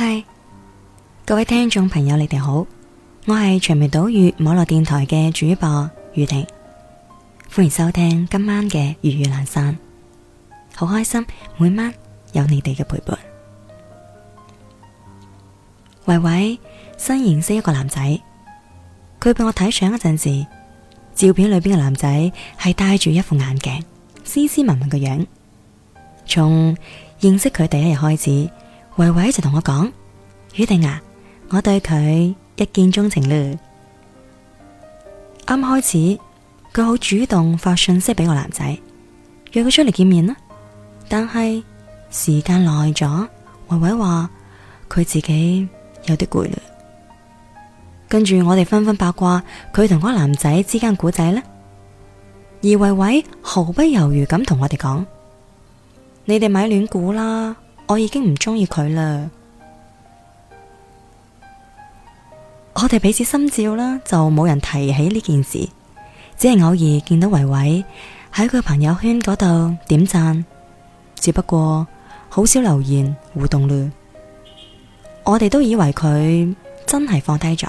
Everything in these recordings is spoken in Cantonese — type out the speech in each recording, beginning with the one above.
嗨，各位聽眾朋友，你哋好，我係長明島嶼網絡電台嘅主播宇婷，歡迎收聽今晚嘅粵語闌珊，好開心每晚有你哋嘅陪伴。維維新認識一個男仔，佢畀我睇相嗰陣時，照片裏邊嘅男仔係戴住一副眼鏡，斯斯文文嘅樣。從認識佢第一日開始，維維就同我講，宇婷啊，我對佢一見鍾情嘞。啱開始，佢好主動發信息俾個男仔，約佢出嚟見面啦。但係時間耐咗，維維話佢自己有啲攰嘞。跟住我哋紛紛八卦佢同嗰個男仔之間古仔咧，而維維毫，毫不猶豫咁同我哋講，你哋咪亂估啦。我已經唔中意佢啦。我哋彼此心照啦，就冇人提起呢件事，只係偶爾見到維維喺佢朋友圈嗰度點讚，只不過好少留言互動啦。我哋都以為佢真係放低咗，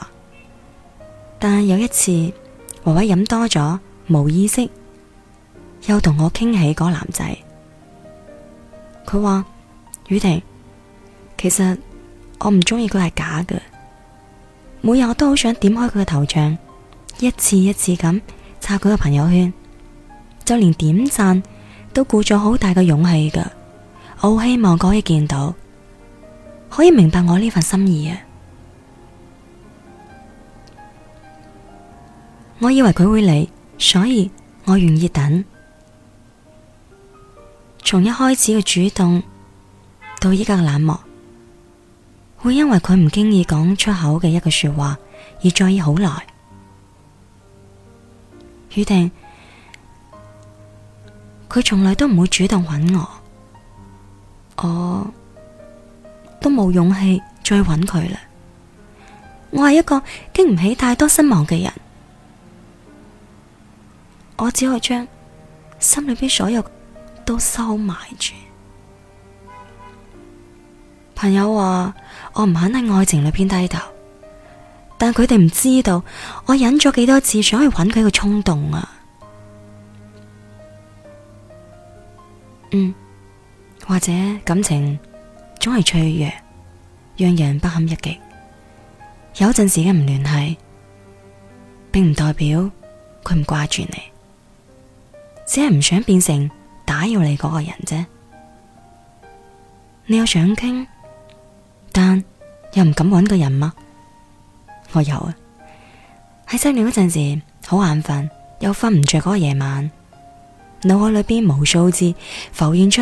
但有一次維維飲多咗，冇意識，又同我傾起嗰男仔，佢話。宇婷，其實我唔中意佢係假嘅。每日我都好想點開佢嘅頭像，一次一次咁刷佢嘅朋友圈，就連點讚都鼓咗好大嘅勇氣嘅。我好希望佢可以見到，可以明白我呢份心意啊！我以為佢會嚟，所以我願意等。從一開始嘅主動，到依家嘅冷漠，會因為佢唔經意講出口嘅一句說話而在意好耐。宇婷，佢從來都唔會主動揾我，我都冇勇氣再揾佢啦。我係一個經唔起太多失望嘅人，我只可以將心裏邊所有都收埋住。朋友話我唔肯喺愛情裏邊低頭，但佢哋唔知道我忍咗幾多次想去揾佢嘅衝動啊！嗯，或者感情總係脆弱，讓人不堪一擊。有陣時嘅唔聯繫，並唔代表佢唔掛住你，只係唔想變成打擾你嗰個人啫。你有想傾但又唔敢搵個人嗎？我有啊，喺失戀嗰陣時好眼瞓，又瞓唔着嗰個夜晚，腦海裏邊無數次浮現出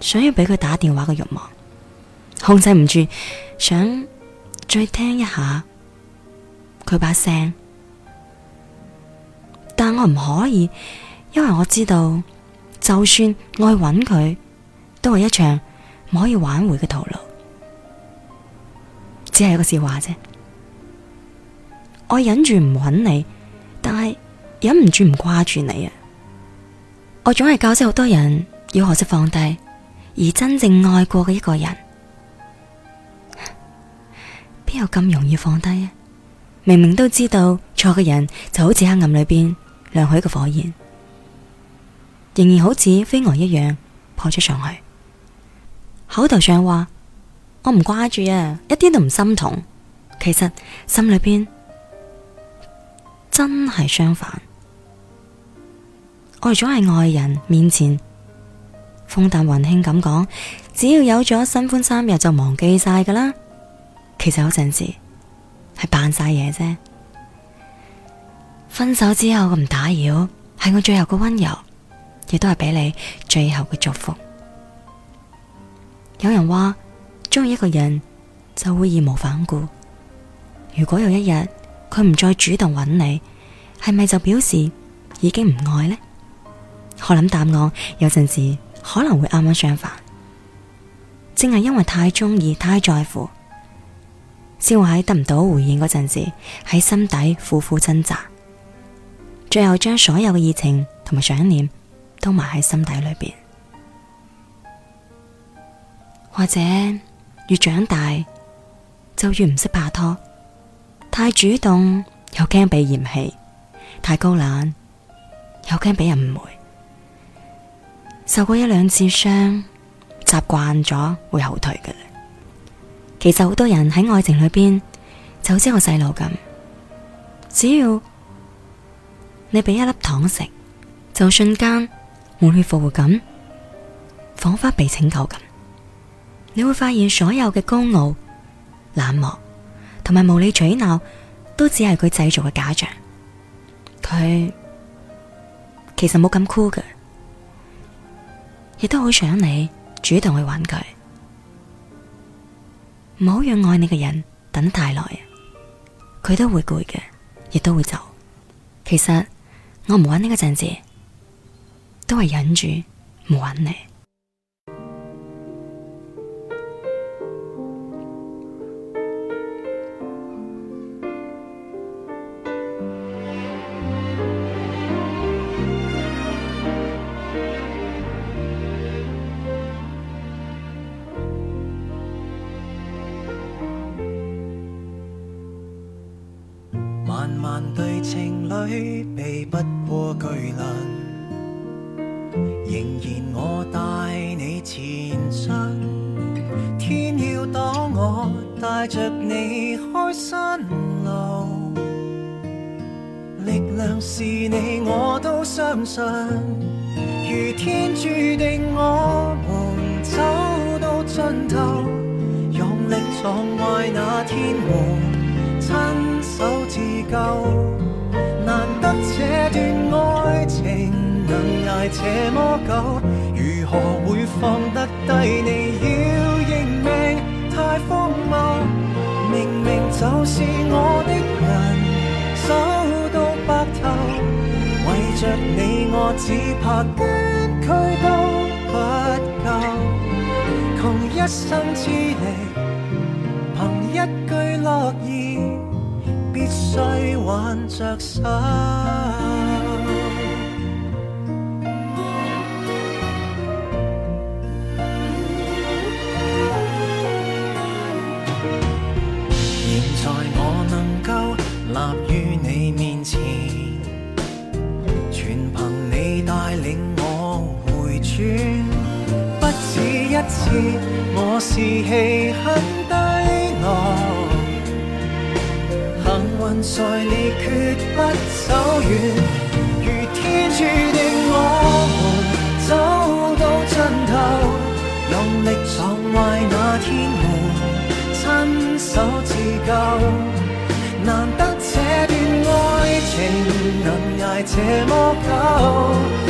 想要俾佢打電話嘅欲望，控制唔住，想再聽一下佢把聲，但我唔可以，因為我知道，就算我去搵佢，都係一場，唔可以挽回嘅徒勞，只係一個笑話啫。我忍住唔揾你，但係忍唔住唔掛住你啊！我總係教識好多人要學識放低，而真正愛過嘅一個人，邊、啊、有咁容易放低啊？明明都知道錯嘅人就好似黑暗裏邊亮起嘅火焰，仍然好似飛蛾一樣撲咗上去。口頭上話我唔掛住呀，一啲都唔心痛。其實心裏邊真係相反。我仲係愛人面前，風淡雲輕咁講，只要有咗新歡三日就忘記晒噶啦。其實有陣時係扮晒嘢啫。分手之後咁唔打擾，係我最後嘅溫柔，亦都係俾你最後嘅祝福。有人話中意一個人就會義無反顧，如果有一日佢唔再主動揾你，係咪就表示已經唔愛呢？可我諗答案有陣時可能會啱啱相反，正係因為太中意，太在乎，先會喺得唔到回應嗰陣時喺心底苦苦掙扎，最後將所有嘅熱情同埋想念都埋喺心底裏邊。或者越長大就越唔識拍拖，太主動又驚被嫌棄，太高冷又驚俾人誤會，受過一兩次傷，習慣咗會後退嘅。其實好多人喺愛情裏邊就好似我細路咁，只要你俾一粒糖食，就瞬間滿血復活咁，仿佛被拯救咁。你會發現所有嘅高傲、冷漠同埋無理取鬧，都只係佢製造嘅假象。佢其實冇咁酷嘅，亦都好想你，主動去揾佢。唔好讓愛你嘅人等太耐，佢都會攰嘅，亦都會走。其實我唔揾呢嗰陣時，都係忍住唔揾你。水避不過巨輪，仍然我帶你前進。天要擋我，帶着你開新路。力量是你，我都相信。如天注定，我們走到盡頭，用力撞壞那天幕，親手自救。段愛情能捱這麼久，如何會放得低你？你要認命太荒謬，明明就是我的人，守到白頭。為着你我只怕捐軀都不夠，窮一生之力，憑一句諾言。不需挽着手，現在我能夠，立於你面前，全憑你帶領我回轉，不止一次，我士氣很低落。在你決不走遠，如天注定，我們走到盡頭，用力撞壞那天門，親手自救。難得這段愛情能捱這麼久。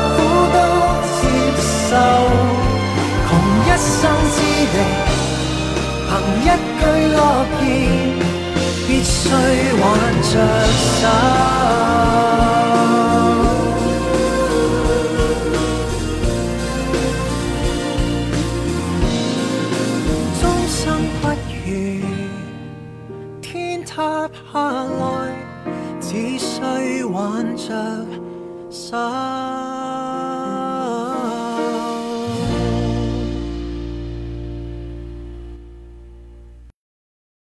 終生不渝，天塌下來，只需挽着手。